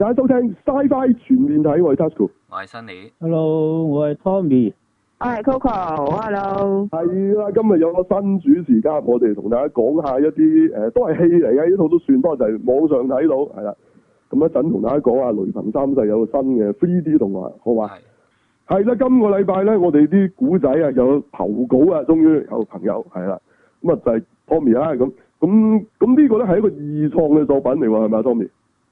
大家收聽 Sci Fi 全面睇，我係 Tasuku 我係 Sunny，Hello，我係 Tommy，我係 Coco，Hello，係啦，今日有個新主持，家，我哋同大家講下一啲誒、呃，都係戲嚟嘅，呢套都算多就係網上睇到，係啦，咁一陣同大家講下《雷朋三世》有個新嘅 3D 動畫，好話係，係啦的，今個禮拜咧，我哋啲古仔啊有投稿啊，終於有朋友係啦，咁啊就係 Tommy 啦，咁咁咁呢個咧係一個二創嘅作品嚟喎，係咪，Tommy？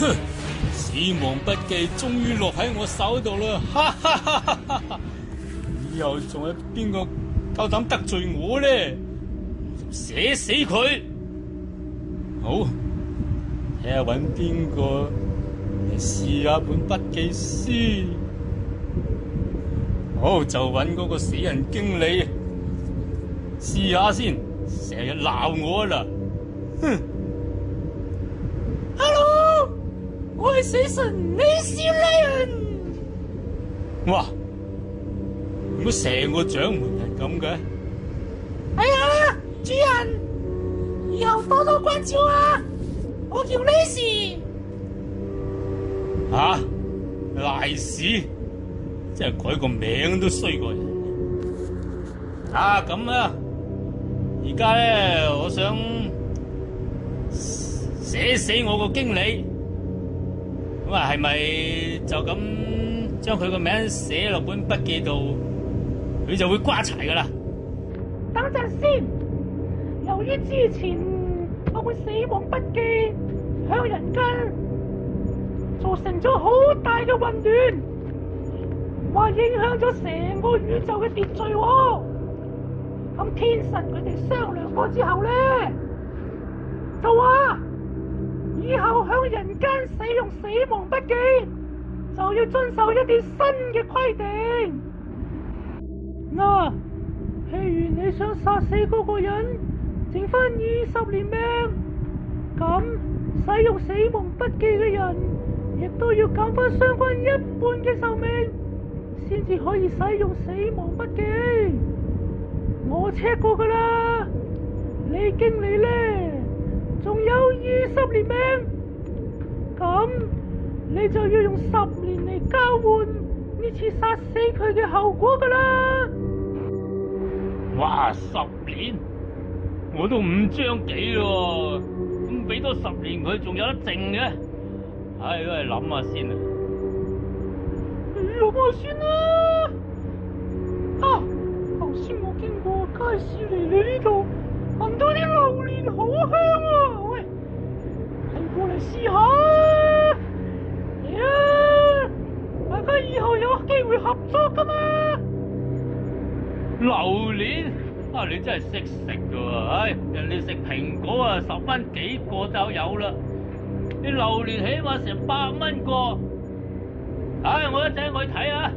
哼！死亡筆記終於落喺我手度啦，哈哈哈哈哈！以後仲有邊個夠膽得罪我咧？寫死佢！好，睇下搵邊個試下本筆記書。好，就搵嗰個死人經理試下先，成日鬧我啦！哼。我係死神，你是獵人。哇！點解成個掌門人咁嘅？哎呀，主人，以後多多關照啊！我叫李氏。啊，賴屎，即係改個名都衰過人啊。啊，咁啊！而家咧，我想寫死我個經理。咁啊，係咪就咁將佢個名寫落本筆記度，佢就會瓜柴㗎喇？等陣先，由於之前我部死亡筆記向人間造成咗好大嘅混亂，話影響咗成個宇宙嘅秩序喎。咁天神佢哋商量過之後咧，就話。以後向人間使用死亡筆記就要遵守一啲新嘅規定。嗱、啊，譬如你想殺死嗰個人，剩翻二十年命，咁使用死亡筆記嘅人亦都要減翻相關一半嘅壽命，先至可以使用死亡筆記。我 check 過噶啦，你經理咧，有二十年命，咁你就要用十年嚟交換呢次殺死佢嘅後果㗎喇。哇，十年我都五張幾喎，咁俾多十年佢仲有得剩嘅，唉，都係諗下先啦。諗下先啦。啊，頭先我經過街市嚟，你呢度聞到啲榴蓮好香啊！試下大家、yeah, 以後有機會合作噶嘛？榴蓮啊，你真係識食嘅喎！唉、哎，人哋食蘋果啊，十蚊幾個就有啦。你榴蓮起碼成百蚊個。唉、哎，我一陣我去睇下，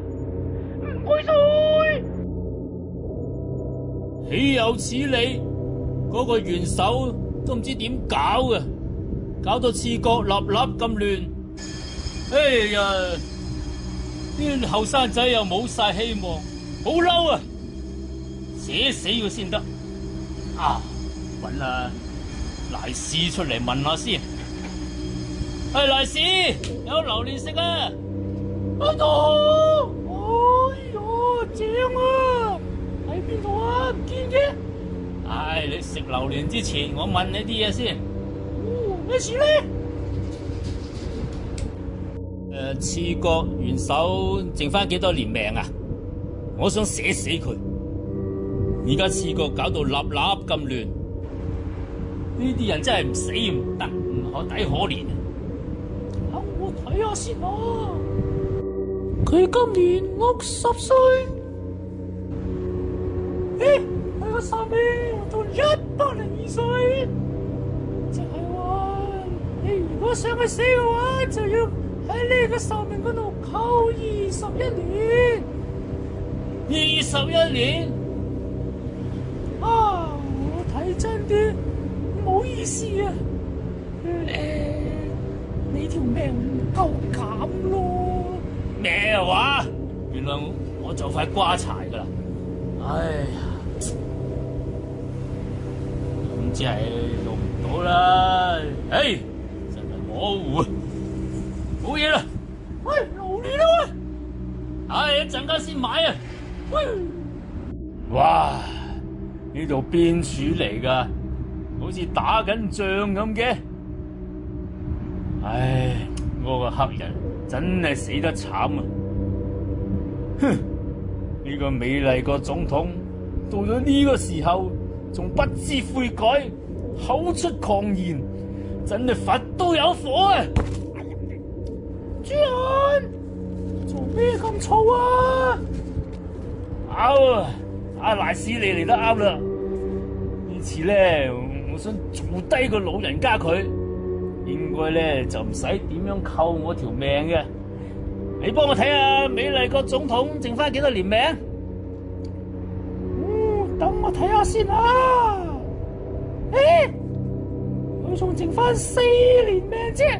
唔該晒。豈有此理！嗰、那個元首都唔知點搞嘅。搞到廁角粒粒咁亂,亂亂，哎呀！啲後生仔又冇晒希望，好嬲啊！死死佢先得啊！搵啦、啊，賴事出嚟問下先。係賴事，有榴蓮食啊！阿東，哦喲，正啊！喺邊度啊？見啫。唉、哎，你食榴蓮之前，我問你啲嘢先。咩事誒，次、呃、國元首剩翻幾多年命啊？我想寫死佢！而家次國搞到立立咁亂，呢啲人真係唔死唔得，唔可抵可憐、啊。等我睇下先啦、啊。佢今年六十歲。咦、欸？我三年我都一百零二歲。我想去死嘅話，就要喺呢個壽命嗰度扣二十一年。二十一年啊！我睇真啲，唔好意思啊。誒、嗯，你條命唔夠減咯。咩話、啊？原來我，我就快瓜柴噶啦。哎呀！咁即係用唔到啦。誒、欸！好啊，冇嘢啦！喂，老李啦喂，唉，一陣間先買啊！喂，哇，呢度邊處嚟噶，好似打緊仗咁嘅。唉，我個黑人真係死得慘啊！哼，呢個美麗國總統到咗呢個時候，仲不知悔改，口出狂言。真係佛都有火啊！主人，做咩咁吵啊？啱啊，哦，阿賴斯你嚟得啱啦。呢次咧，我想做低個老人家佢，應該咧就唔使點樣扣我條命嘅。你幫我睇下美麗國總統剩翻幾多年命？等、嗯、我睇下先啊。欸仲剩翻四年命啫，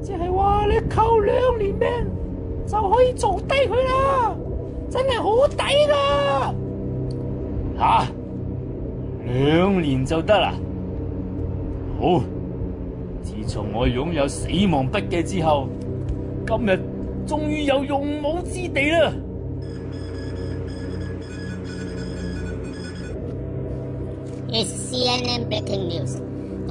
即係話你扣兩年命就可以做低佢啦。啊啊，真係好抵啦！吓，兩年就得啦。好，自從我擁有死亡筆記之後，今日終於有用武之地啦。It's CNN Breaking News.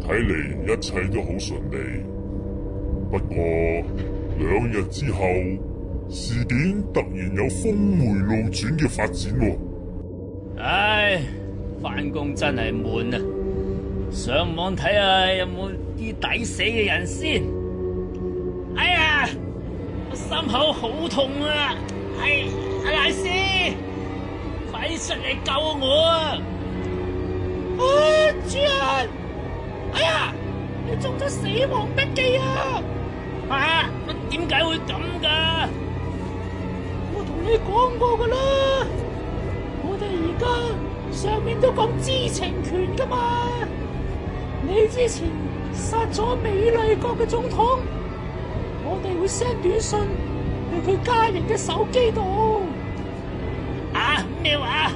睇嚟一切都好順利，不過，兩日之後事件突然有峰回路轉嘅發展喎、啊。唉，翻工真係悶啊！上網睇下有冇啲抵死嘅人先。哎呀，我心口好痛啊！係阿賴斯，快啲出嚟救我啊！阿、啊哎呀！你中咗死亡筆記啊！啊，乜點解會咁噶？我同你講過噶啦，我哋而家上面都講知情權噶嘛。你之前殺咗美麗國嘅總統，我哋會 send 短信去佢家人嘅手機度。啊，咩話！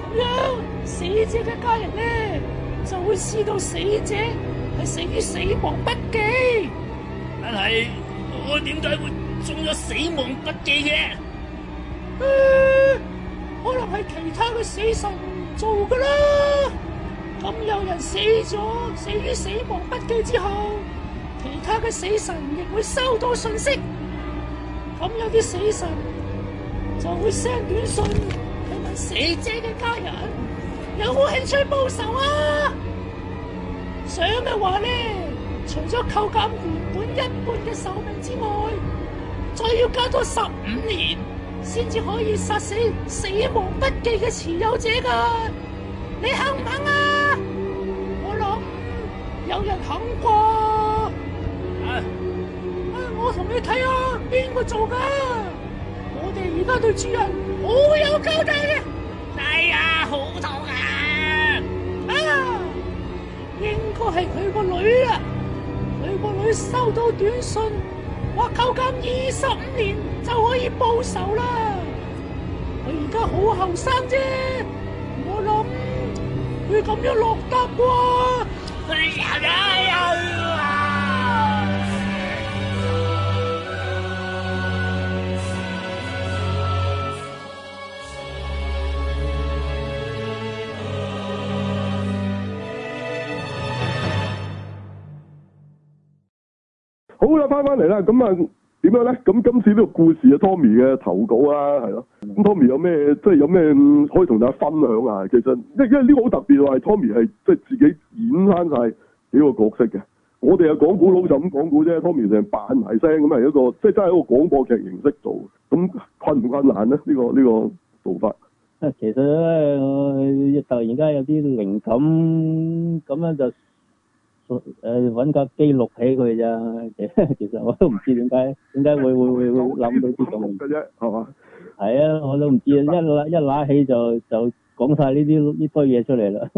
咁樣死者嘅家人咧？就會知道死者係死於死亡筆記，但係我點解會中咗死亡筆記嘅、啊？可能係其他嘅死神做噶啦。咁有人死咗，死於死亡筆記之後，其他嘅死神亦會收到信息。咁有啲死神就會 send 短信去問死者嘅家人。有冇興趣報仇啊？想嘅話咧，除咗扣減原本一半嘅壽命之外，再要加多十五年，先至可以殺死死亡筆記嘅持有者噶。你肯唔肯啊？我諗有人肯啩。啊啊、哎！我同你睇下邊個做噶？我哋而家對主人好有交代嘅。係啊、哎，好痛。都係佢個女啦，佢個女收到短信，話夠金二十五年就可以報仇啦。佢而家好後生啫，我諗佢咁樣落得啩？係呀，係呀。好啦，翻翻嚟啦，咁啊，點樣咧？咁今次呢個故事啊，Tommy 嘅投稿啦，係咯。咁 Tommy 有咩即係有咩可以同大家分享啊？其實，因為因為呢個好特別喎，係 Tommy 係即係自己演翻晒幾個角色嘅。我哋啊講古佬就咁講古啫，Tommy 成扮埋聲咁係、就是、一個，即係真係一個廣播劇形式做。咁困唔困難咧？呢、呢個呢、呢個做法。啊，其實突然間有啲靈感，咁樣就。誒，搵架機錄起佢咋？其實我都唔知點解點解會的會的會諗到啲咁嘅啫，係嘛？係啊，我都唔知啊的，一攞一攞起就就講晒呢啲呢堆嘢出嚟啦。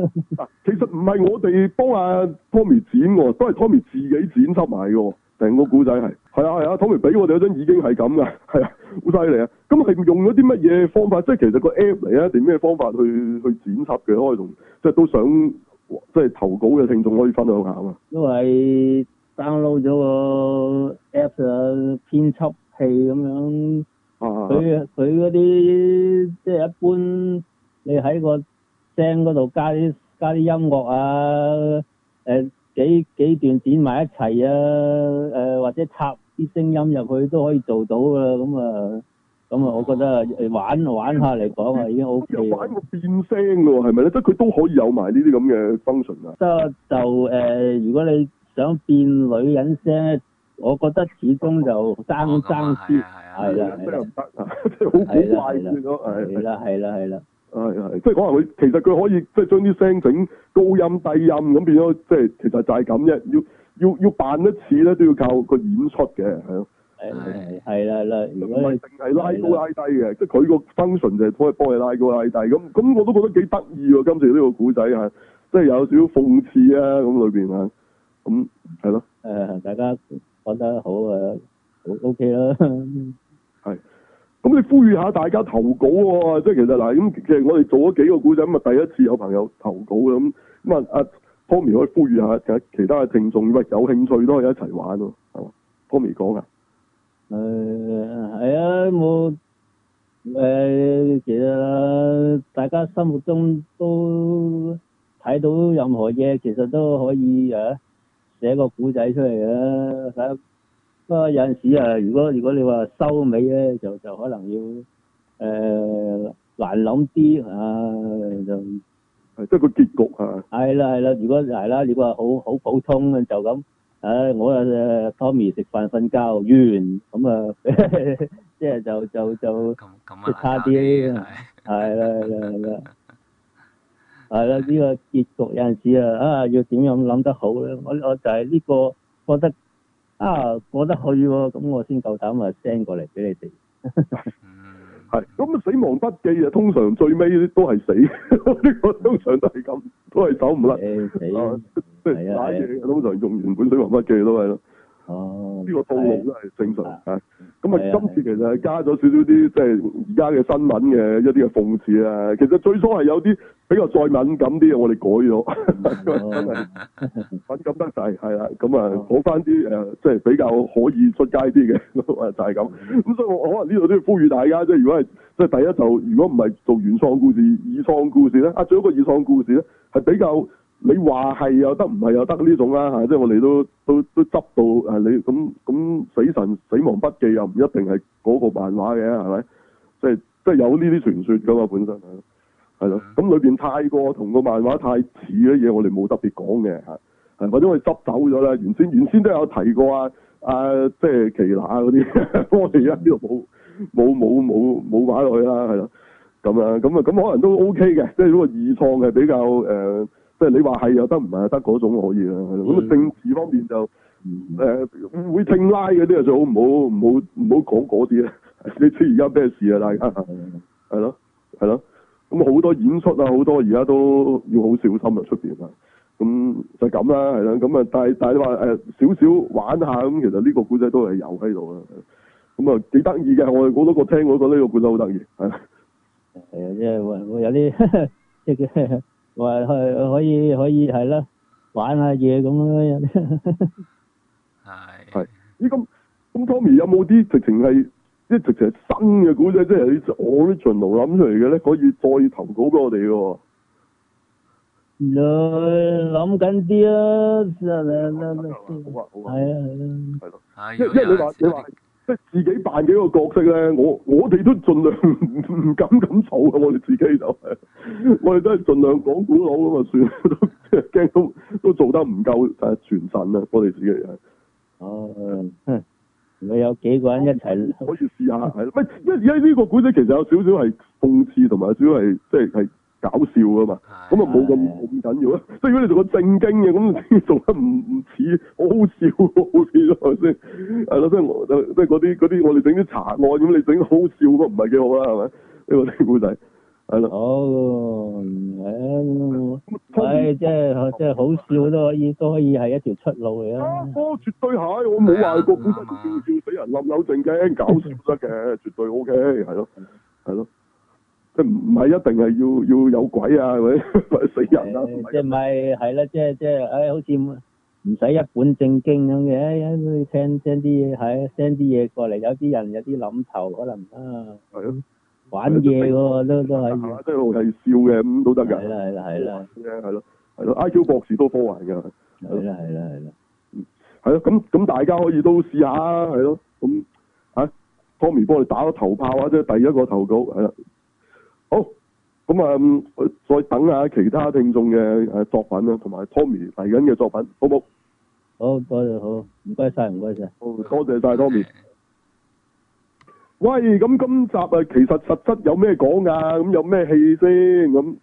其實唔係我哋幫阿 Tommy 剪喎，都係 Tommy 自己剪輯埋嘅。成個古仔係，係啊，係啊，Tommy 俾我哋嗰張已經係咁噶，係啊，好犀利啊！咁係用咗啲乜嘢方法？即係其實個 App 嚟啊，定咩方法去去剪輯嘅？我哋同即係都想。即係投稿嘅聽眾可以分享下嘛？因為 download 咗個 app 啊，編輯器咁樣。啊啊、uh！佢佢嗰啲即係一般，你喺個聲嗰度加啲加啲音樂啊，呃、幾幾段剪埋一齊啊、呃，或者插啲聲音入去都可以做到㗎，咁啊～咁啊、嗯，我覺得玩玩下嚟講啊，已經好 k 你玩個變聲咯，係咪咧？即係佢都可以有埋呢啲咁嘅 function 啊。即、嗯、就誒、呃，如果你想變女人聲咧，我覺得始終就爭爭啲，係啊，係唔得，即係好古怪變，係係啦係啦係啦。啊，即係可能佢其實佢可以即係將啲聲整高音低音咁變咗，即係其實就係咁啫。要要要扮一次咧，都要靠個演出嘅，係係啦啦，唔係淨係拉高拉低嘅，即係佢個 function 就幫你幫你拉高拉低，咁咁我都覺得幾得意喎。今次呢個古仔係，即係有少少諷刺啊，咁裏邊啊，咁係咯。誒，大家講得好啊，好 OK 啦。係，咁你呼籲下大家投稿喎，即係其實嗱，咁其實我哋做咗幾個古仔，咁啊第一次有朋友投稿啦，咁咁啊阿 Tommy 可以呼籲下其他嘅聽眾，喂，有興趣都可以一齊玩咯，係嘛，Tommy 講啊。是誒，係、哎、啊，我誒、呃，其實大家心目中都睇到任何嘢，其實都可以誒寫、啊、個古仔出嚟嘅。不、啊、過、啊、有陣時啊，如果如果你話收尾咧，就就可能要誒、呃、難諗啲吓，就係即係個結局吓。係啦係啦，如果係啦，如果話、啊、好好普通就咁。唉，uh, 我啊、uh,，Tommy 食飯瞓覺，完，咁啊， 即係就就就即係、啊、差啲，係啦係啦係啦，係啦呢個結局有陣時啊，啊要點樣諗得好咧？我我就係呢個覺得啊過得去喎、啊，咁我先夠膽啊 send 過嚟俾你哋。 係，咁死亡筆記啊，通常最尾都係死的，呢 個通常都係咁，都係走唔甩，欸欸、打野通常用原本死亡筆記都係咯。哦，呢個套路都係正常啊。咁啊，今次其實加咗少少啲，即係而家嘅新聞嘅一啲嘅諷刺啦。啊啊、其實最初係有啲比較再敏感啲嘅，我哋改咗，真係敏感得滯，係啦。咁啊，講翻啲誒，即係、嗯、比較可以出街啲嘅， 就係咁。咁、嗯、所以我可能呢度都要呼籲大家，即係如果係即係第一就，如果唔係做原創故事、以創故事咧，啊，最好個以創故事咧係比較。你話係又得，唔係又得呢種啊！嚇，即係我哋都都都執到你咁咁。死神死亡筆記又唔一定係嗰個漫畫嘅，係咪，即係？即係即係有呢啲傳說噶嘛，本身係咯，係咯。咁裏面太過同個漫畫太似嘅嘢，我哋冇特別講嘅嚇，係或者我哋執走咗啦。原先原先都有提過啊啊，即係奇拿嗰啲，我哋而家呢度冇冇冇冇冇擺落去啦，係咯，咁樣咁啊，咁可能都 O K 嘅，即係呢個二創係比較、呃即係你話係又得，唔係得嗰種可以啦。咁啊，嗯、政治方面就誒、呃、會傾拉嗰啲啊，最好唔好唔好唔好講嗰啲啦。你知而家咩事啊？大家係係係咯係咯。咁好多演出啊，好多而家都要好小心啊，出邊啊。咁就咁啦，係啦。咁啊，但係但係你話誒少少玩下咁，其實呢個古仔都係有喺度啊。咁啊，幾得意嘅，我我都個聽，我覺得呢個古仔好得意，係。係啊，即係會有啲喂，係可以可以係啦，玩下嘢咁樣。係 的。係。咦，咁咁 Tommy 有冇啲直情係，即係直情係新嘅古仔，即係你我啲巡路諗出嚟嘅咧，可以再投稿俾我哋嘅？誒，諗緊啲啊！真係，係啊係啊。係咯。即即係你話你話。即係自己扮幾個角色咧，我我哋都盡量唔敢咁做嘅，我哋自己就係，我哋都係盡量講古佬咁啊算，都驚都都做得唔夠啊傳神啊，我哋自己人。哦，咪有幾個人一齊可以試下係，因為而家呢個古仔其實有少少係諷刺同埋少少係即係。搞笑啊嘛，咁啊冇咁冇咁緊要啦。即係如果你做個正經嘅，咁做得唔唔似好好笑，好似係咪先？係咯，即係我即係嗰啲嗰啲，我哋整啲查案咁，你整好笑都唔係幾好啦，係咪？呢個啲故仔係咯。哦，係啊，咁唉，即係即係好笑都可以，都可以係一條出路嚟啊。啊，絕對係，我冇話過故仔都兼顧俾人又又正經搞笑得嘅，嗯、絕對 OK，係咯，係咯。即唔係一定係要要有鬼啊，或者，死人啊，即咪係啦，即即唉，好似唔使一本正經咁嘅，一聽聽啲嘢，send 啲嘢過嚟，有啲人有啲諗頭，可能啊，係咯，玩嘢喎都都可以的，都係對了 笑嘅咁都得㗎，係啦係啦係啦，係咯係咯，IQ 博士都科幻㗎，係啦係啦係啦，咁咁大家可以都試下啊，係咯，咁 Tommy 幫你你打個頭炮啊，即係第一個投稿啦。好，咁啊，再等下其他聽眾嘅，誒作品啦同埋 Tommy 嚟緊嘅作品，好唔好？好多謝，好唔該晒，唔該晒。好，多謝晒 Tommy。喂，咁今集啊，其實實質有咩講啊？咁有咩戲先？咁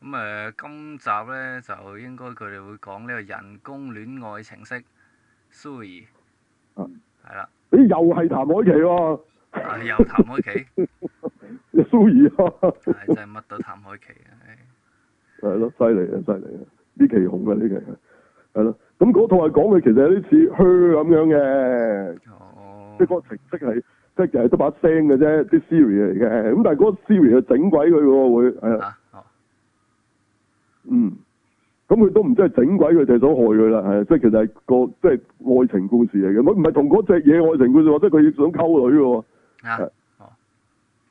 咁誒，今集咧，就應該佢哋會講呢個人工戀愛程式，Zoe 啊，係啦，咦，又係譚凱琪喎。又談開琪，蘇爾 爾啊， 啊，真係乜都談開琪。啊！係咯，犀利啊，犀利啊！呢期紅啊，呢期係咯，咁嗰套係講佢其實有啲似靴咁樣嘅，哦，即係個程式係即係淨係得把聲嘅啫，啲 Siri 嚟嘅，咁但係嗰個 Siri 又整鬼佢喎，會係啊，嗯，咁佢都唔知係整鬼佢定想害佢啦，係即係其實係個即係、就係、愛情故事嚟嘅，佢唔係同嗰隻嘢愛情故事，即係佢想溝女嘅。哦，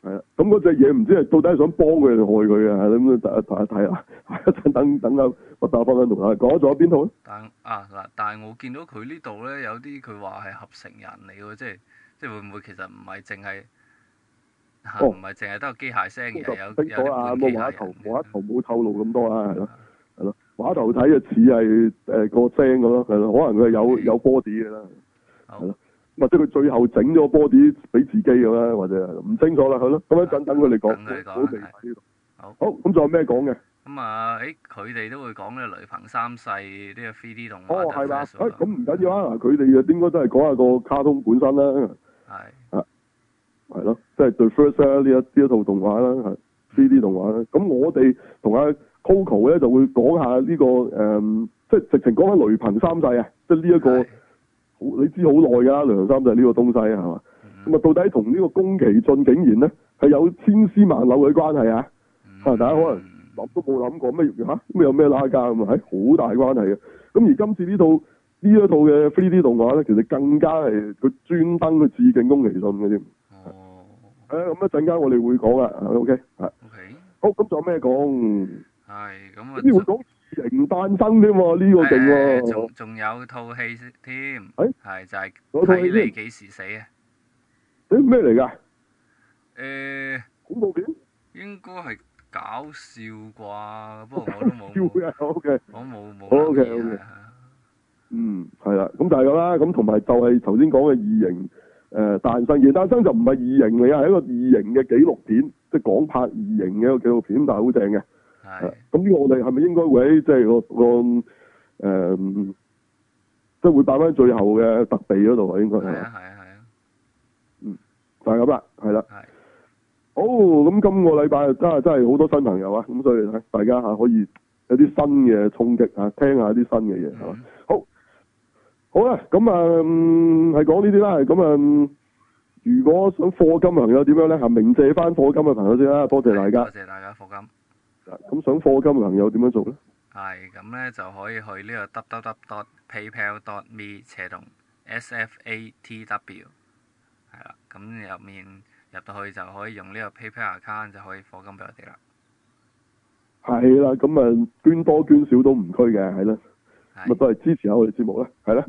係咁嗰隻嘢唔知係到底想幫佢定害佢啊？咁啊，睇睇下，等等啊，我打翻同佢講，咗邊套但啊嗱，但係我見到佢呢度咧，有啲佢話係合成人嚟喎，即係即係會唔會其實唔係淨係，唔係淨係得個機械聲嘅人，有識咗啊？冇話頭，話頭冇透露咁多啦，係咯，係咯的，話頭睇就似係誒個聲咁咯，係咯，可能佢有的有 body 嘅啦，好或者佢最後整咗個 body 俾自己嘅啦，或者唔清楚啦佢咯。咁樣等等佢哋講。好，咁仲有咩講嘅？咁啊，誒，佢哋都會講咧《雷朋三世》呢個 3D 動畫。哦，係啊，誒，咁唔緊要啊。嗱，佢哋啊，應該都係講下個卡通本身啦。係。係。係咯，即係 The First 呢一呢一套動畫啦，係 3D 動畫咧。咁我哋同阿 Coco 咧就會講下呢個誒，即係直情講緊《雷朋三世》啊，即係呢一個。好，你知好耐噶啦，梁三就係呢個東西係嘛？咁、mm hmm. 啊，到底同呢個宮崎駿竟然咧，係有千絲萬縷嘅關係啊？吓，大家可能諗都冇諗過咩吓，咩有咩拉架咁係好大關係嘅。咁而今次套套呢套呢一套嘅 3D 動畫咧，其實更加係佢專登去致敬宮崎駿嘅添。哦、oh.。誒、嗯，咁一陣間我哋會講啦，OK？係。OK。Okay. 好，咁仲有咩講？係，咁會講異形誕生添嘛？呢個正喎，仲仲有套戲添，係就係嗰套戲咧，睇你幾時死啊？誒咩嚟噶？誒，恐怖片？應該係搞笑啩，不過我都冇。O K O K，我冇冇。O K O K，嗯係啦，咁就係咁啦，咁同埋就係頭先講嘅異形，誒誕生，異形誕生就唔係異形嚟啊，係一個異形嘅紀錄片，即係講拍異形嘅一個紀錄片，但係好正嘅。係，咁呢個我哋係咪應該會即係、嗰個誒、呃，即係會擺翻最後嘅特備嗰度啊？應該係啊，係啊，係啊，嗯，就係咁啦，係啦，係，好，咁今個禮拜真係真係好多新朋友啊，咁所以大家吓可以有啲新嘅衝擊吓，聽下啲新嘅嘢係嘛，好，好、嗯、講啦，咁啊，係講呢啲啦，咁啊，如果想課金朋友點樣咧吓，明借翻課金嘅朋友先啦，多謝大家，多謝大家課金。咁想課金嘅朋友點樣做咧？係咁咧，就可以去呢個 www.paypal.me 斜洞 sfatw 係啦。咁入面入到去就可以用呢個 PayPal account 就可以課金俾我哋啦。係啦，咁啊，捐多捐少都唔拘嘅，係啦，咪都係支持下我哋節目啦，係啦。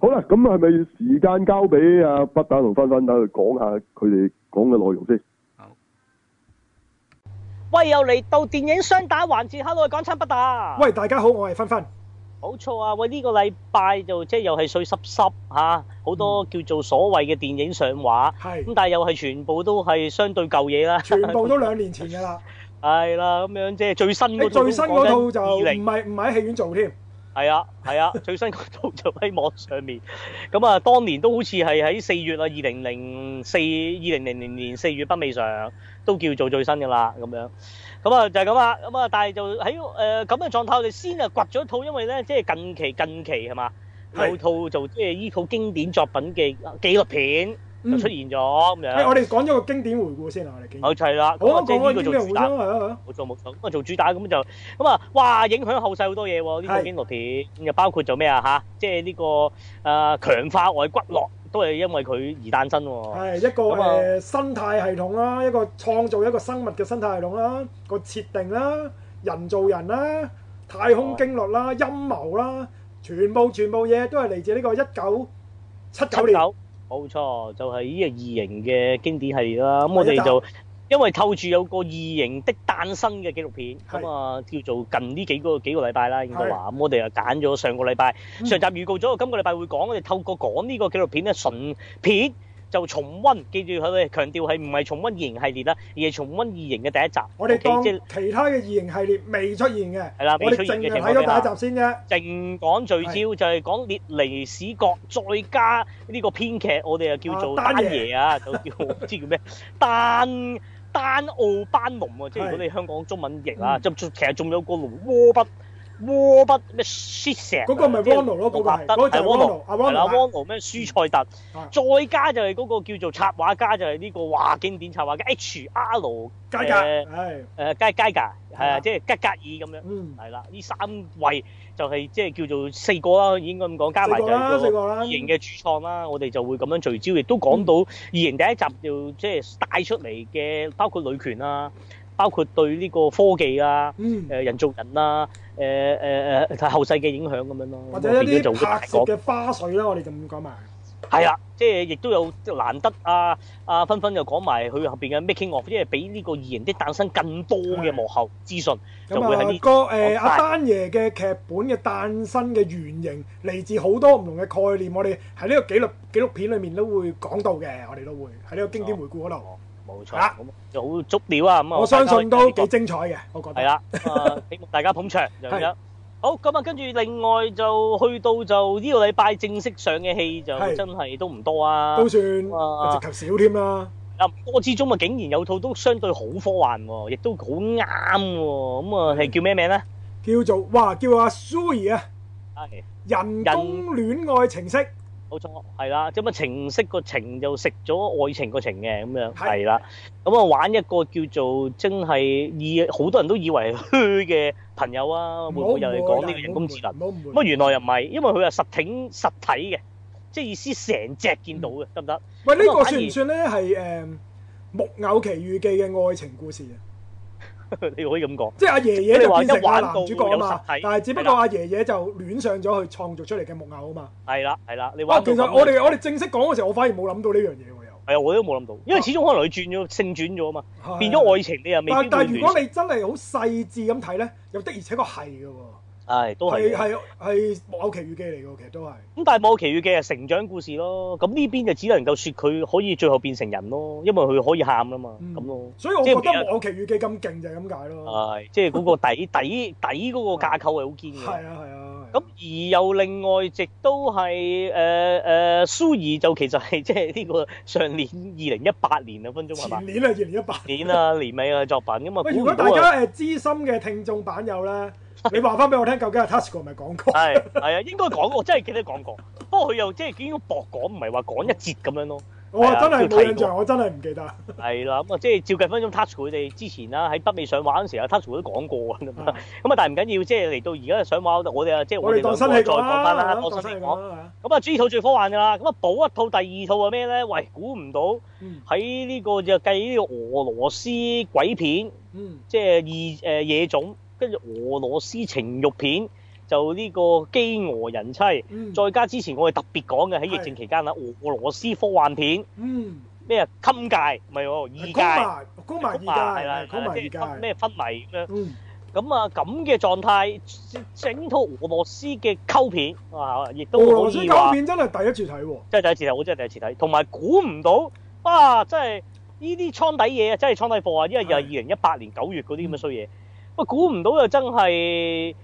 好啦，咁係咪時間交俾阿不打同分分打去講下佢哋講嘅內容先？喂，又嚟到電影雙打環節，Hello，講親不打。喂，大家好，我係分分。冇錯啊，喂，呢、這個禮拜就即係又係碎濕濕嚇，好、啊、多叫做所謂嘅電影上畫。係、嗯。咁但係又係全部都係相對舊嘢啦。全部都兩年前㗎啦。係啦， 咁樣即係最新嗰套。最新嗰套就唔係唔喺戲院做添。係 啊，係啊，最新嗰套就喺網上面，咁啊，當年都好似係喺四月啊，二零零四二零零零年四月北美上，都叫做最新噶啦，咁樣，咁啊就係咁啦，咁啊但係就喺誒咁嘅狀態，我哋先啊掘咗套，因為咧即係近期近期係嘛，是有套就即係依套經典作品嘅紀錄片。就出現咗咁、嗯、這樣。我哋講咗個經典回顧先啊，我哋經典回顧。係啦了。好啊，講呢了個做主打。冇錯冇錯，咁啊做主打咁就咁啊，哇！影響後世好多嘢喎，呢個驚慄片，又包括做咩啊？嚇、就是這個，即係呢個誒強化外骨骼都係因為佢而誕生。係一個誒、呃、生態系統啦，一個創造一個生物嘅生態系統啦，一個設定啦，人造人啦，太空經絡啦，哦、陰謀啦，全部全部嘢都係嚟自呢個一九七九年。冇錯，就係呢個異形嘅經典系列啦。咁我哋就因為透住有個異形的誕生嘅紀錄片，咁啊叫做近呢幾個幾個禮拜啦，應該話。咁我哋就揀咗上個禮拜上集預告咗，今個禮拜會講。我哋透過講呢個紀錄片咧，純片。就重溫，記住佢哋強調係唔係重溫異形系列啦，而係重温異形嘅第一集。我哋講其他嘅異形系列未出現嘅，係啦，未出現嘅情況。我哋仲睇第一集先啫。定講聚焦就係講列尼史葛，再加呢個編劇，我哋又叫做丹爺啊，爺就叫唔知叫咩丹丹奧班農啊，即係如果你香港中文譯啦，即、嗯、其實仲有個盧鍋筆。鍋筆咩？石嗰個咪汪勞咯，嗰個係嗰個就係汪勞，係啦，汪勞咩？舒塞特，再加就係嗰個叫做插畫家，就係呢個話經典插畫家 H.R. 佳佳，係誒佳佳佳係啊，即係吉吉爾咁樣，係啦，呢三位就係即係叫做四個啦，應該咁講，加埋就係個異形嘅主創啦，我哋就會咁樣聚焦，亦都講到異形第一集就即係帶出嚟嘅，包括女權啦。包括對呢個科技啊，誒、嗯呃、人造人啊、誒誒誒後世嘅影響咁樣咯、啊，或者一啲拍攝嘅花絮啦，我哋就咁講埋。係啦，即係亦都有難得啊啊，芬芬又講埋佢後邊嘅 making of，即係俾呢個異形的誕生更多嘅幕後資訊就會。咁呢、嗯那個誒阿、呃、丹爺嘅劇本嘅誕生嘅原型，嚟自好多唔同嘅概念，我哋喺呢個紀錄紀錄片裏面都會講到嘅，我哋都會喺呢個經典回顧可能。冇錯，又好足料啊！咁我相信都幾精彩嘅，我覺得係啦。希望大家捧場就咁樣。好，咁啊，跟住另外就去到就呢個禮拜正式上嘅戲就真係都唔多啊，都算啊，直頭少添啦。多之中啊，竟然有套都相對好科幻喎，亦都好啱喎。咁啊係叫咩名咧？叫做哇，叫阿 Zoe 啊，係人工戀愛程式。冇錯，係啦，咁啊情色個情又食咗愛情個情嘅，咁樣係啦。咁啊玩一個叫做真係以好多人都以為係虛嘅朋友啊，不會唔會又嚟講呢個人工智能？乜原來又唔係，因為佢係實挺實體嘅，即係意思成隻見到嘅，得唔得？行行喂，呢、呢個算唔算咧？係誒、嗯、木偶奇遇記嘅愛情故事啊！ 你可以咁講，即係阿爺爺就變成阿男主角啊嘛，但係只不過阿爺爺就戀上咗佢創造出嚟嘅木偶啊嘛。係啦係啦，你話，這個啊，其實我哋我哋正式講嘅時候，我反而冇諗到呢樣嘢喎又。係啊，我都冇諗到，因為始終可能佢轉咗，性轉咗啊轉了嘛，變咗愛情，啊、你又未。但係但係，如果你真係好細致咁睇咧，又的而且確係嘅。係、哎、都係，係係木偶奇遇記嚟噶，其實都係。咁但係木偶奇遇記係成長故事咯，咁呢邊就只能夠說佢可以最後變成人咯，因為佢可以喊啦嘛，咁咯、嗯。那所以我覺得木偶奇遇記咁勁就係咁解咯。係、哎，即係嗰個底 底底嗰個架構係好堅嘅。係啊係啊。咁、啊啊啊、而又另外，亦都係誒誒，蘇、呃、怡就其實係即係呢個上年二零一八年嘅分鐘漫畫。前年啊，二零一八年啊，年尾嘅作品。咁、嗯、啊，如果大家誒資深嘅聽眾版友咧？你話翻俾我聽，究竟 Touch 哥係咪講過？係係啊，應該講，我真係記得講過。不過佢又即係點樣薄講，唔係話講一節咁樣咯。我真係冇印象，我真係唔記得。係啦，咁啊，即係照計分鐘 Touch 佢哋之前啦，喺北美上畫嗰陣時，Touch 都講過咁啊，但係唔緊要，即係嚟到而家上畫，我哋啊，即係我哋當新戲講啦。咁啊，第一套最科幻㗎啦。咁啊，補一套第二套係咩咧？喂，估唔到喺呢個就計呢個俄羅斯鬼片，即係二誒野種。跟住俄羅斯情慾片，就呢個飢餓人妻，嗯、再加之前我哋特別講嘅喺疫情期間啦，俄是俄羅斯科幻片，咩禁戒，唔係哦，二戒，高埋二戒，係啦，埋咩、就係、昏迷咁、嗯、樣，咁啊咁嘅狀態，整套俄羅斯嘅溝片啊，亦都可以話，俄羅斯溝片真係第一次睇喎、啊，真係第一次睇，我真係第一次睇，同埋估唔到啊，真係呢啲倉底嘢真係倉底貨啊，因為又係二零一八年九月嗰啲咁嘅衰嘢。嗯我估唔到又真係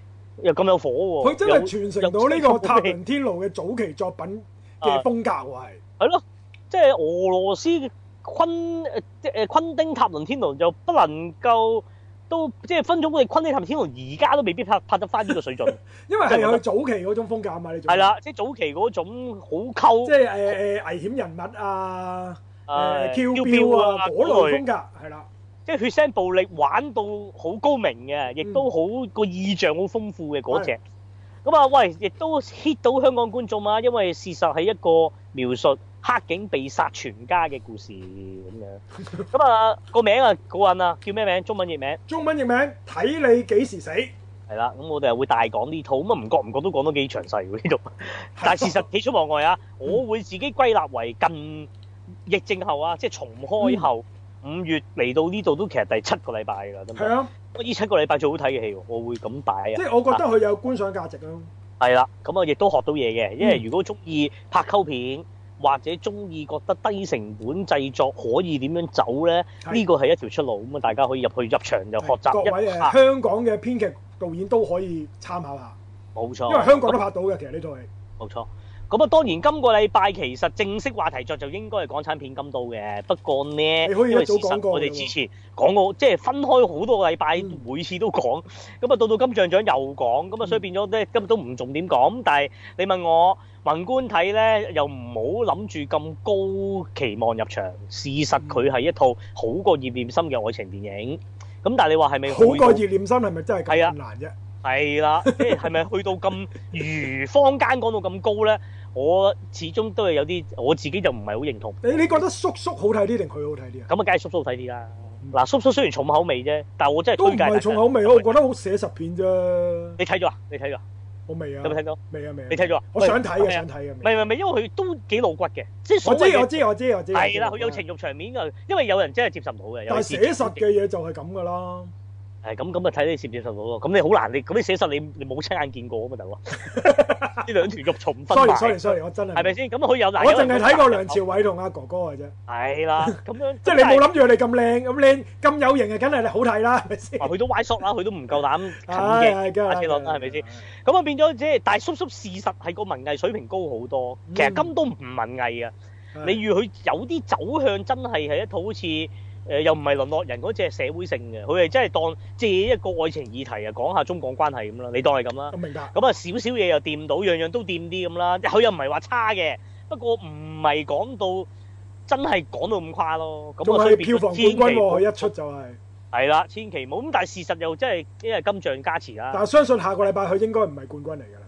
又咁有火喎、啊！佢真係傳承到呢個《塔倫天奴》嘅早期作品嘅風格喎，係係咯，即係、就是、俄羅斯昆誒即係誒昆丁塔倫天奴》就不能夠都即係、就是、分咗佢哋昆丁塔倫天奴》，而家都未必拍拍得返呢個水準， 因為係有早期嗰種風格啊嘛，呢種係啦，即、就、係、是、早期嗰種好溝，即係誒誒危險人物啊誒跳跳啊嗰類風格係啦。啊即係血腥暴力玩到好高明嘅，亦都好、嗯、個意象好豐富嘅嗰隻，咁啊是的 喂，亦都 hit 到香港觀眾啊，因為事實係一個描述黑警被殺全家嘅故事咁樣。咁 啊個名啊，嗰人啊叫咩名？中文譯名？中文譯名，睇你幾時死。係啦，咁我哋又會大講呢套，咁啊唔覺唔覺都講得幾詳細喎呢度。的但係事實喜出望外啊！嗯、我會自己歸納為近疫症後啊，即係重開後。嗯五月嚟到呢度都其實都第七個禮拜啦，真係。係啊，呢七個禮拜最好睇嘅戲喎，我會咁擺。即係、啊啊、我覺得佢有觀賞價值咯。係啦、啊，咁啊亦都學到嘢嘅，嗯、因為如果中意拍溝片或者中意覺得低成本製作可以點樣走咧，呢個係一條出路。咁啊，大家可以入去入場就學習。各位下香港嘅編劇導演都可以參考下。冇錯，因為香港都拍到嘅，錯其實呢套係冇錯。咁啊，當然今個禮拜其實正式話題作就應該係港產片《金都》嘅，不過呢，過因為事實我哋之前講過，即係分開好多個禮拜，每次都講，咁啊到到金像獎又講，咁啊所以變咗咧今日都唔重點講。但係你問我，宏觀睇咧，又唔好諗住咁高期望入場。事實佢係一套好過熱念心嘅愛情電影。咁但係你話係咪好過熱念心係咪真係咁難啫？係啦、啊，係咪、啊、去到咁如坊間講到咁高咧？我始終都係有啲我自己就唔係好認同。你你覺得叔叔好睇啲定佢好睇啲啊？咁啊梗係叔叔好睇啲啦。嗱，叔叔雖然重口味啫，但係我真係都唔係重口味，我覺得好寫實片啫。你睇咗啊？你睇咗？我未啊。有冇睇到？未啊未。你睇咗啊？我想睇啊！想睇啊！唔係唔係唔係，因為佢都幾露骨嘅，即係我知我知我知我知。係啦，佢有情慾場面㗎，因為有人真係接受唔到嘅。但係寫實嘅嘢就係咁噶啦。係咁咁啊！睇你接唔接受到咯？咁你好難，你咁你寫實，你你冇親眼見過啊嘛，大佬！呢兩條肉蟲分埋。sorry sorry sorry，我真係。係咪先？咁佢有難。我淨係睇過梁朝偉同阿哥哥嘅啫。係啦，咁樣即係你冇諗住佢哋咁靚，咁靚咁有型啊，梗係你好睇啦，係咪先？佢都歪索啦，佢都唔夠膽近嘅阿車佬啦，係咪先？咁啊變咗即係，但係叔叔事實係個文藝水平高好多。其實咁都唔文藝啊，例如佢有啲走向真係係一套好似。誒、呃、又唔係淪落人嗰隻社會性嘅，佢係真係當借一個愛情議題啊，講下中港關係咁啦。你當係咁啦。我明白。咁啊，少少嘢又掂到，樣樣都掂啲咁啦。佢又唔係話差嘅，不過唔係講到真係講到咁誇咯。仲係票房冠軍喎、啊啊，一出就係、是。係啦、啊，千祈冇咁，但係事實又真係因為金像加持啦、啊。但係相信下個禮拜佢應該唔係冠軍嚟嘅。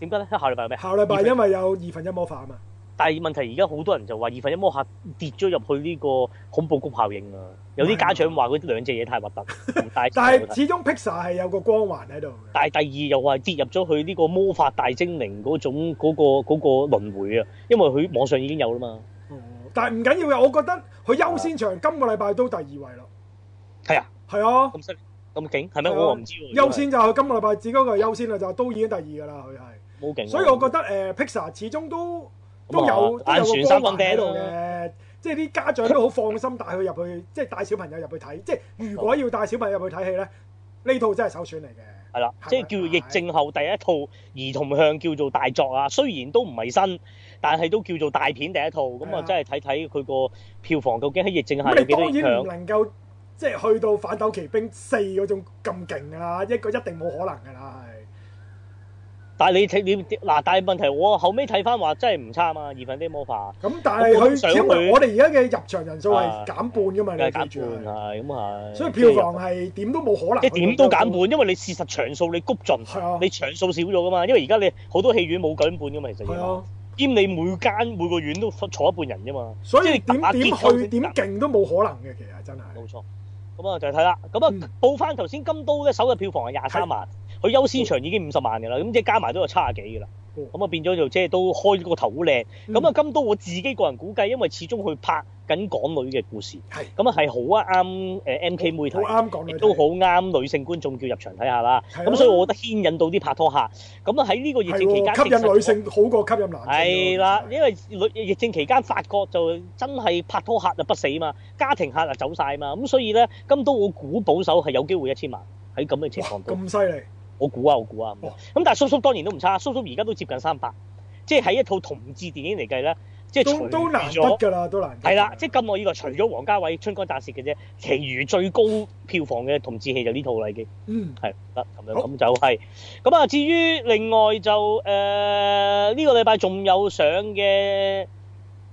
點解咧？下禮拜咩？下禮拜因為有二分一魔法啊嘛。第二問題，而家好多人就話《二分一魔客跌咗入去呢個恐怖谷效應啊！有啲家長話嗰兩隻嘢太核突，不 但係始終 Pixar 係有個光環喺度。但係第二又話跌入咗去呢個魔法大精靈嗰種嗰、那個嗰、那個、輪迴啊！因為佢網上已經有啦嘛、嗯。但係唔緊要嘅，我覺得佢優先場、啊、今個禮拜都第二位咯。係啊，係啊，咁咁勁係咩？嗯、我唔知喎。優先就係今個禮拜只嗰個優先啦，就都已經第二噶啦，佢係。冇勁、啊。所以我覺得誒、呃、Pixar 始終都。都有都、啊、有一個光環喺度嘅，啊、即係啲家長都好放心帶佢入去， 即係帶小朋友入去睇。即係如果要帶小朋友入去睇戲咧，呢 套真係首選嚟嘅。係啦了，即係叫疫症後第一套兒童向叫做大作啊！雖然都唔係新，但係都叫做大片第一套，咁啊了真係睇睇佢個票房究竟喺疫症下幾多強。咁你當然唔能夠即係去到《反斗奇兵四》嗰種咁勁啊！一個一定冇可能㗎啦。但係你睇你嗱，但係問題我後尾睇翻話真係唔差啊，二分之一魔法。咁但係佢想去，我哋而家嘅入場人數係減半噶嘛？減半係咁係。所以票房係點都冇可能。即係點都減半，因為你事實場數你谷盡，你場數少咗噶嘛？因為而家你好多戲院冇九點半噶嘛，其實。係兼你每間每個院都坐一半人啫嘛。所以點點去點勁都冇可能嘅，其實真係。冇錯，咁啊就睇啦。咁啊報翻頭先金刀嘅首日票房係廿三萬。.佢優先場已經五十萬嘅啦，咁即係加埋都有七十幾嘅啦，咁啊變咗就即係都開咗個頭好靚，咁啊金都我自己個人估計，因為始終佢拍緊港女嘅故事，咁啊係好啊啱 MK 妹睇，都好啱港女睇，都好啱女性觀眾叫入場睇下啦，咁所以我覺得牽引到啲拍拖客，咁啊喺呢個疫情期間吸引女性好過吸引男，係啦，因為女疫情期間發覺就真係拍拖客啊不死啊嘛，家庭客啊走晒啊嘛，咁所以咧金都我估保守係有機會一千萬喺咁嘅情況咁犀利。我估啊，我估啊，咁但係叔叔當然都唔差，叔叔而家都接近三百，即係喺一套同志電影嚟計咧，即係都都難得㗎啦，都難係啦，都難得了即係咁我以為、這個、除咗王家衛《嗯、春光乍洩》嘅啫，其餘最高票房嘅同志戲就呢套嚟嘅，嗯，係得咁樣、就是，咁就係咁啊。至於另外就誒呢、呃這個禮拜仲有上嘅，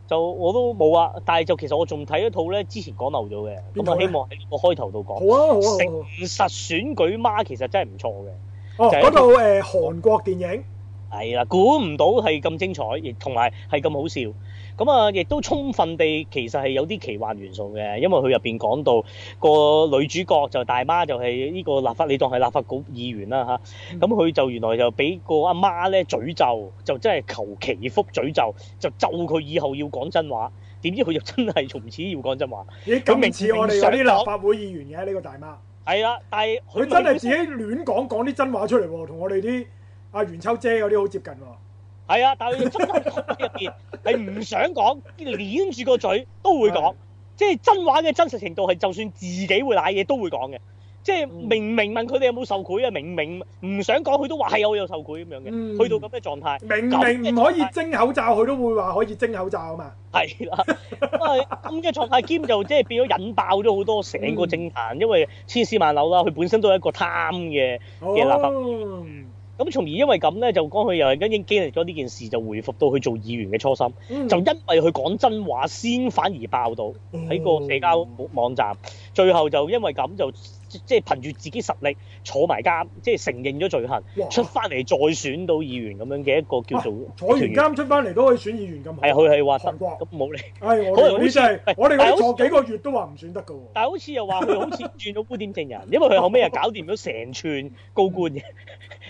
就我都冇啊，但係就其實我仲睇一套咧，之前講漏咗嘅，咁我希望喺個開頭度講、啊，好啊，好啊，誠實選舉媽其實真係唔錯嘅。哦，講到誒韓國電影，係啦，估唔到係咁精彩，亦同埋係咁好笑。咁啊，亦都充分地其實係有啲奇幻元素嘅，因為佢入邊講到個女主角就大媽，就係呢個立法，你當係立法局議員啦吓，咁佢就原來就俾個阿媽咧詛咒，就真係求其福詛咒，就咒佢以後要講真話。點知佢又真係從此要講真話。咦，咁似我哋嗰啲立法會議員嘅呢個大媽。係啦、啊，但係佢真係自己亂講講啲真話出嚟喎、啊，同我哋啲阿袁秋姐嗰啲好接近喎、啊。係啊，但係佢真係講得特別，係唔 想講，捏住個嘴都會講，的即係真話嘅真實程度係，就算自己會瀨嘢都會講嘅。即係明明問佢哋有冇受賄啊，明明唔想講，佢都話係我有受賄咁樣嘅，嗯、去到咁嘅狀態。明明唔可以蒸口罩，佢都會話可以蒸口罩啊嘛。係啦的，因為咁嘅狀態，兼 就即係變咗引爆咗好多成個政壇，嗯、因為千絲萬縷啦。佢本身都係一個貪嘅嘅立法，咁、哦嗯、從而因為咁咧，就講佢又係跟住經歷咗呢件事，就回復到去做議員嘅初心。嗯、就因為佢講真話，先反而爆到喺個社交網站。嗯、最後就因為咁就。即係憑住自己實力坐埋監，即係承認咗罪行，出翻嚟再選到議員咁樣嘅一個叫做坐完監出翻嚟都可以選議員，咁係啊，佢係話得，咁冇理。係我哋嘅意思係，我哋我坐幾個月都話唔選得㗎喎。但係好似又話佢好似轉咗污點證人，因為佢後尾又搞掂咗成串高官嘅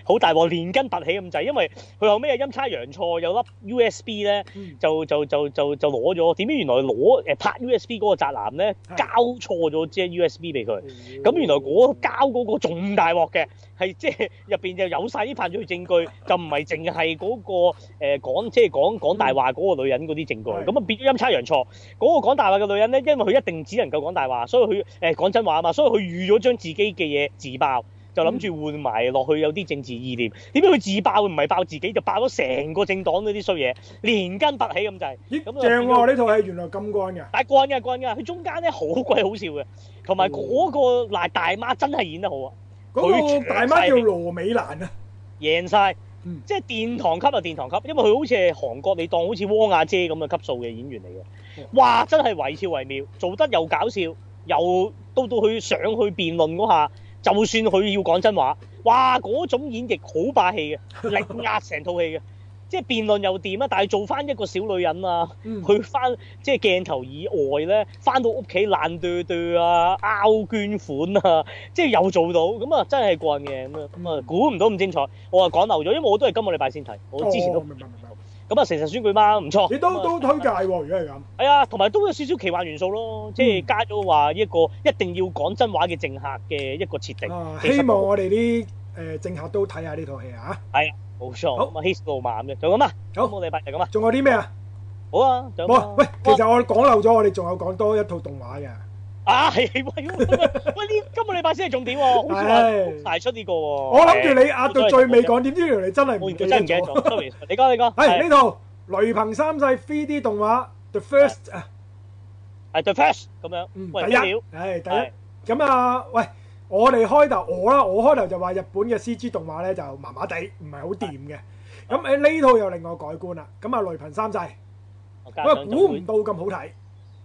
好大鑊連根拔起咁滯，因為佢後尾係陰差陽錯有粒 USB 咧，就就就就就攞咗，點知原來攞誒拍 USB 嗰個宅男咧交錯咗即係 USB 俾佢，咁原來。我交嗰個仲大鑊嘅，係即係入面就有晒啲犯罪證據，就唔係淨係嗰個誒講、呃，即係講講大話嗰個女人嗰啲證據。咁啊，變咗陰差陽錯，嗰、嗰個講大話嘅女人咧，因為佢一定只能夠講大話，所以佢誒講真話啊嘛，所以佢預咗將自己嘅嘢自爆。就諗住換埋落去、嗯、有啲政治意念，點解佢自爆？唔係爆自己，就爆咗成個政黨嗰啲衰嘢，連根拔起咁滯咁正喎，呢套係原來金剛嘅。但係幹嘅，幹嘅。佢中間咧好鬼好笑嘅，同埋嗰個大媽真係演得好啊。嗰、哦、大媽叫羅美蘭啊，贏晒了，嗯、即係殿堂級啊，殿堂級。因為佢好似係韓國，你當好似汪亞姐咁嘅級數嘅演員嚟嘅。嗯、哇，真係惟肖惟妙，做得又搞笑，又到到佢上去辯論嗰下。就算佢要講真話，哇嗰種演繹好霸氣嘅， 力壓成套戲嘅，即係辯論又掂啊！但係做翻一個小女人啊，去翻、嗯、即係鏡頭以外咧，翻到屋企爛對對啊，拗捐款啊，即係又做到咁啊！真係過人嘅咁啊！估唔、嗯、到咁精彩，我話講漏咗，因為我都係今個禮拜先睇，我之前都。哦咁啊，誠實選舉嘛？唔錯，你都都推介喎，如果係咁。係啊，同埋都有少少奇幻元素咯，即係加咗話一個一定要講真話嘅政客嘅一個設定。希望我哋啲誒政客都睇下呢套戲啊！係啊，冇錯。好 history 嘛嘅，就咁啊。好，咁我哋禮拜就咁啊。仲有啲咩啊？好啊。冇啊。喂，其實我講漏咗，我哋仲有講多一套動畫嘅。啊，係喂，喂呢？今個禮拜先係重點喎，好大出呢個喎。我諗住你壓到最尾講，點知原來你真係唔記得咗。Sorry，你講你講，係呢套《雷朋三世》3D 動畫 The First 啊，係 The First 咁樣。嗯，第一，係第一。咁啊，喂，我哋開頭我啦，我開頭就話日本嘅 CG 動畫咧就麻麻地，唔係好掂嘅。咁誒呢套又另外改觀啦。咁啊，《雷朋三世》，我估唔到咁好睇。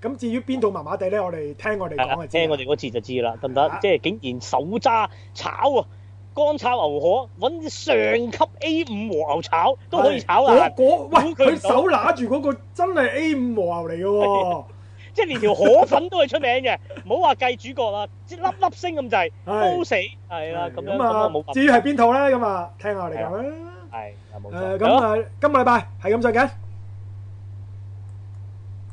咁至於邊度麻麻地咧，我哋聽我哋講就知。聽我哋嗰次就知啦，得唔得？即係竟然手揸炒啊，乾炒牛河，揾上級 A 五和牛炒都可以炒啊！我嗰喂，佢手拿住嗰個真係 A 五和牛嚟嘅喎，即係連條河粉都係出名嘅。唔好話計主角啦，即係粒粒星咁滯，都死。係啦，咁啊，至於係邊套咧，咁啊，聽下我哋講啦。係，冇錯，咁啊，今個禮拜係咁再見。